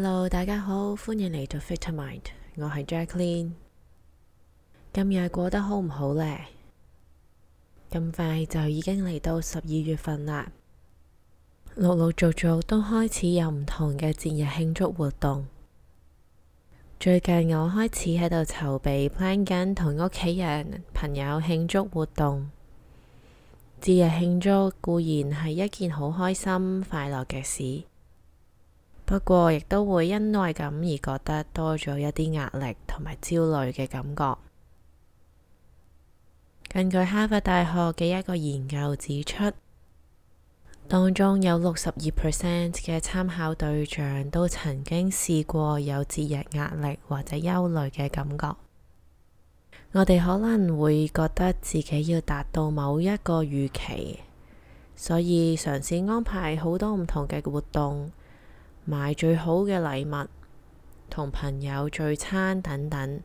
hello，大家好，歡迎嚟到 Vitamind，我係 Jacqueline。今日過得好唔好呢？咁快就已經嚟到十二月份啦，陸陸陸續續都開始有唔同嘅節日慶祝活動。最近我開始喺度籌備 plan 緊同屋企人朋友慶祝活動。節日慶祝固然係一件好開心快樂嘅事。不過，亦都會因為咁而覺得多咗一啲壓力同埋焦慮嘅感覺。根據哈佛大學嘅一個研究指出，當中有六十二 percent 嘅參考對象都曾經試過有節日壓力或者憂慮嘅感覺。我哋可能會覺得自己要達到某一個預期，所以嘗試安排好多唔同嘅活動。買最好嘅禮物，同朋友聚餐等等，呢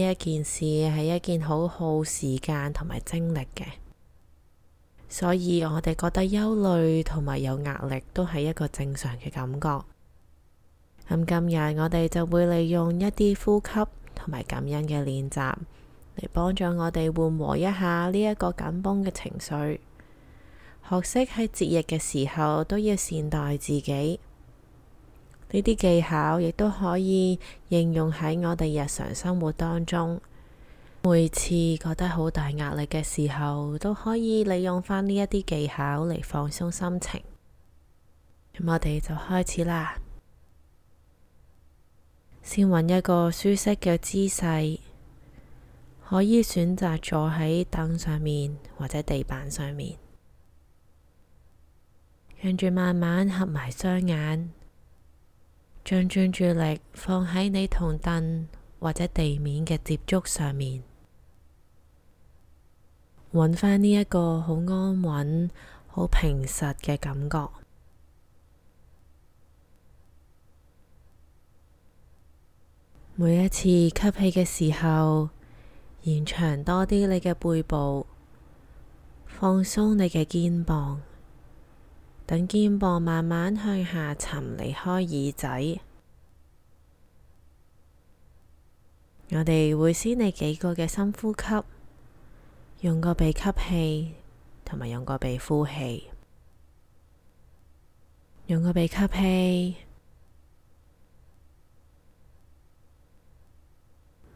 一件事係一件好耗時間同埋精力嘅，所以我哋覺得憂慮同埋有壓力都係一個正常嘅感覺。咁、嗯、今日我哋就會利用一啲呼吸同埋感恩嘅練習嚟幫助我哋緩和一下呢一個緊繃嘅情緒。學識喺節日嘅時候都要善待自己，呢啲技巧亦都可以應用喺我哋日常生活當中。每次覺得好大壓力嘅時候，都可以利用返呢一啲技巧嚟放鬆心情。咁我哋就開始啦，先揾一個舒適嘅姿勢，可以選擇坐喺凳上面或者地板上面。向住慢慢合埋雙眼，將專注力放喺你同凳或者地面嘅接觸上面，揾翻呢一個好安穩、好平實嘅感覺。每一次吸氣嘅時候，延長多啲你嘅背部，放鬆你嘅肩膀。等肩膀慢慢向下沉，離開耳仔。我哋會先嚟幾個嘅深呼吸，用個鼻吸氣，同埋用個鼻呼氣，用個鼻吸氣，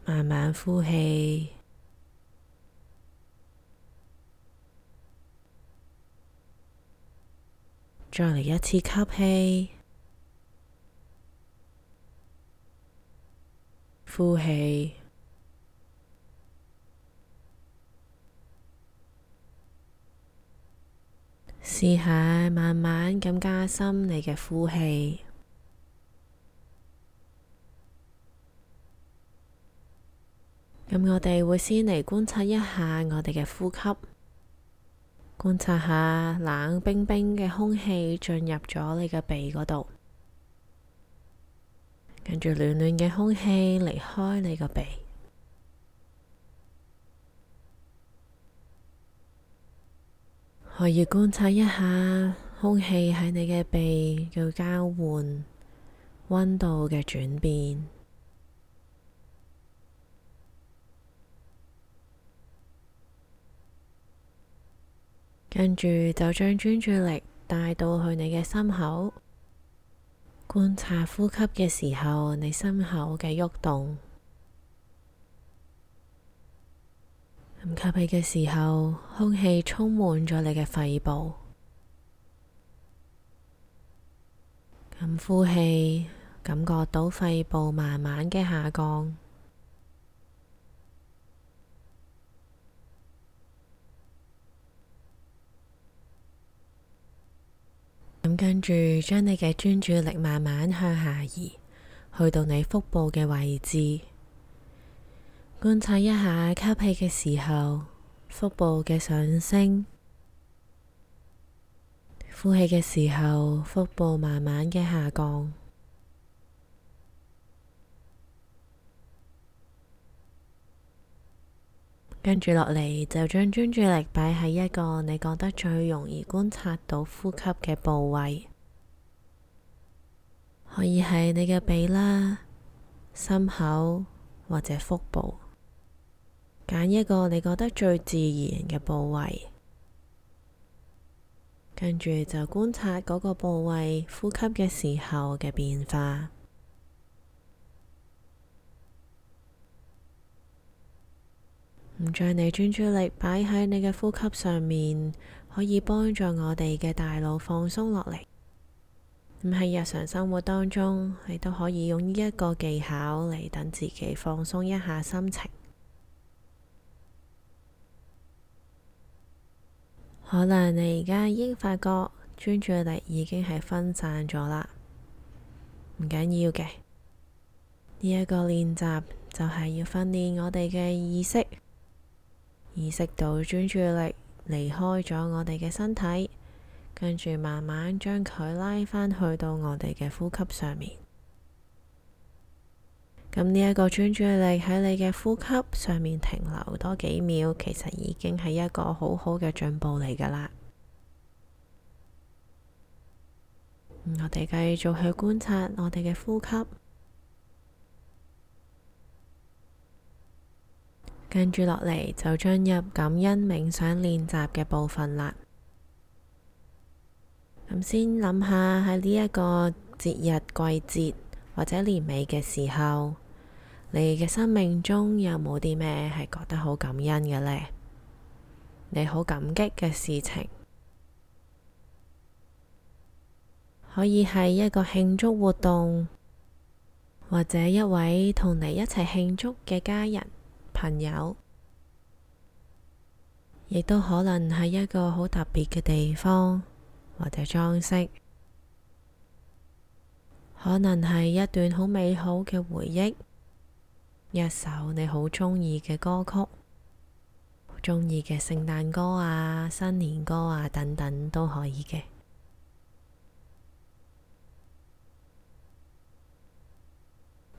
慢慢呼氣。再嚟一次吸氣，呼氣，試下慢慢咁加深你嘅呼氣。咁我哋會先嚟觀察一下我哋嘅呼吸。觀察下冷冰冰嘅空氣進入咗你嘅鼻嗰度，跟住暖暖嘅空氣離開你個鼻，可以觀察一下空氣喺你嘅鼻嘅交換，溫度嘅轉變。跟住就將專注力帶到去你嘅心口，觀察呼吸嘅時候，你心口嘅喐動，咁吸氣嘅時候，空氣充滿咗你嘅肺部，咁呼氣，感覺到肺部慢慢嘅下降。咁跟住，將你嘅專注力慢慢向下移，去到你腹部嘅位置，觀察一下吸氣嘅時候，腹部嘅上升；呼氣嘅時候，腹部慢慢嘅下降。跟住落嚟，就將專注力擺喺一個你覺得最容易觀察到呼吸嘅部位，可以係你嘅鼻啦、心口或者腹部，揀一個你覺得最自然嘅部位，跟住就觀察嗰個部位呼吸嘅時候嘅變化。唔將你專注力擺喺你嘅呼吸上面，可以幫助我哋嘅大腦放鬆落嚟。喺日常生活當中，你都可以用呢一個技巧嚟等自己放鬆一下心情。可能你而家已經發覺專注力已經係分散咗啦，唔緊要嘅。呢一個練習就係要訓練我哋嘅意識。意識到專注力離開咗我哋嘅身體，跟住慢慢將佢拉返去到我哋嘅呼吸上面。咁呢一個專注力喺你嘅呼吸上面停留多幾秒，其實已經係一個好好嘅進步嚟噶啦。我哋繼續去觀察我哋嘅呼吸。跟住落嚟就進入感恩冥想練習嘅部分喇。咁先諗下喺呢一個節日季節、季節或者年尾嘅時候，你嘅生命中有冇啲咩係覺得好感恩嘅呢？你好感激嘅事情，可以係一個慶祝活動，或者一位同你一齊慶祝嘅家人。朋友，亦都可能係一個好特別嘅地方，或者裝飾，可能係一段好美好嘅回憶，一首你好鍾意嘅歌曲，好鍾意嘅聖誕歌啊、新年歌啊等等都可以嘅。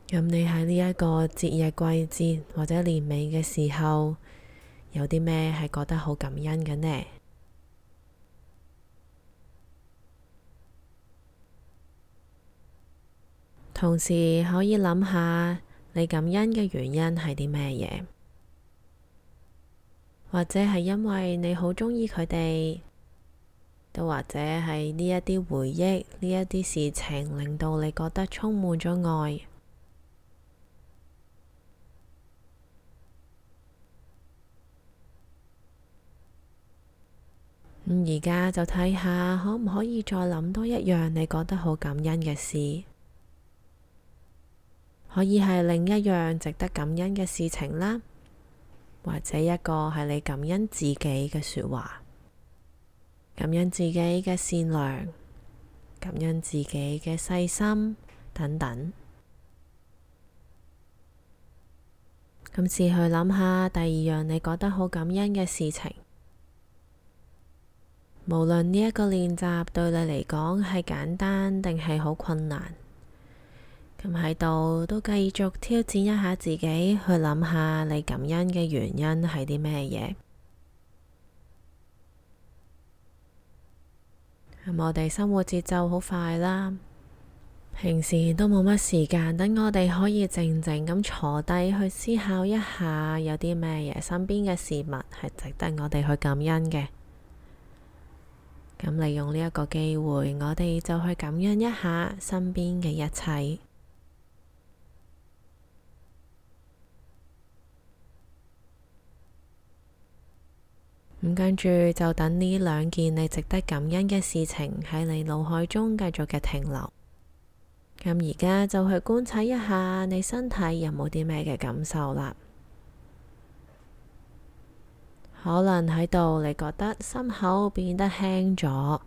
咁你喺呢一個節日季節或者年尾嘅時候，有啲咩係覺得好感恩嘅呢？同時可以諗下你感恩嘅原因係啲咩嘢，或者係因為你好中意佢哋，都或者係呢一啲回憶，呢一啲事情令到你覺得充滿咗愛。咁而家就睇下可唔可以再諗多一樣你覺得好感恩嘅事，可以係另一樣值得感恩嘅事情啦，或者一個係你感恩自己嘅說話，感恩自己嘅善良，感恩自己嘅細心等等。今次去諗下第二樣你覺得好感恩嘅事情。無論呢一個練習對你嚟講係簡單定係好困難，咁喺度都繼續挑戰一下自己，去諗下你感恩嘅原因係啲咩嘢。我哋生活節奏好快啦，平時都冇乜時間，等我哋可以靜靜咁坐低去思考一下，有啲咩嘢身邊嘅事物係值得我哋去感恩嘅。咁利用呢一個機會，我哋就去感恩一下身邊嘅一切。咁跟住就等呢兩件你值得感恩嘅事情喺你腦海中繼續嘅停留。咁而家就去觀察一下你身體有冇啲咩嘅感受啦。可能喺度，你覺得心口變得輕咗，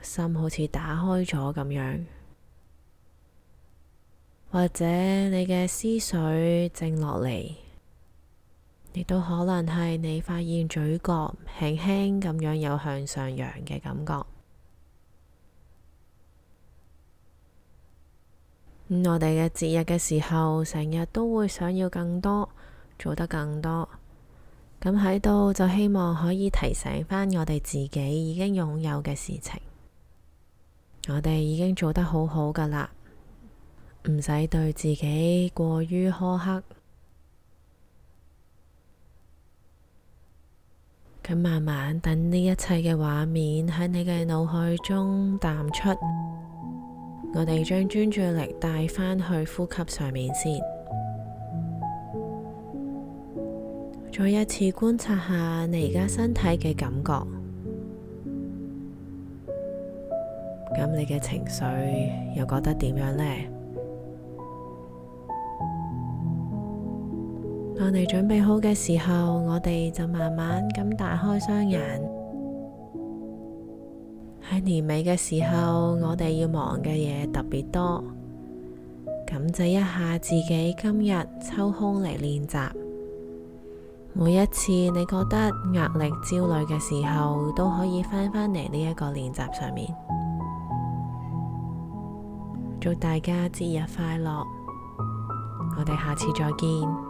心好似打開咗咁樣，或者你嘅思緒靜落嚟，亦都可能係你發現嘴角輕輕咁樣有向上揚嘅感覺。我哋嘅節日嘅時候，成日都會想要更多，做得更多。咁喺度就希望可以提醒翻我哋自己已經擁有嘅事情，我哋已經做得好好噶啦，唔使對自己過於苛刻。咁慢慢等呢一切嘅畫面喺你嘅腦海中淡出，我哋將專注力帶返去呼吸上面先。再一次觀察下你而家身體嘅感覺，咁你嘅情緒又覺得點樣呢？當你 準備好嘅時候，我哋就慢慢咁打開雙眼。喺年尾嘅時候，我哋要忙嘅嘢特別多，感謝一下自己今日抽空嚟練習。每一次你覺得壓力、焦慮嘅時候，都可以翻返嚟呢一個練習上面。祝大家節日快樂！我哋下次再見。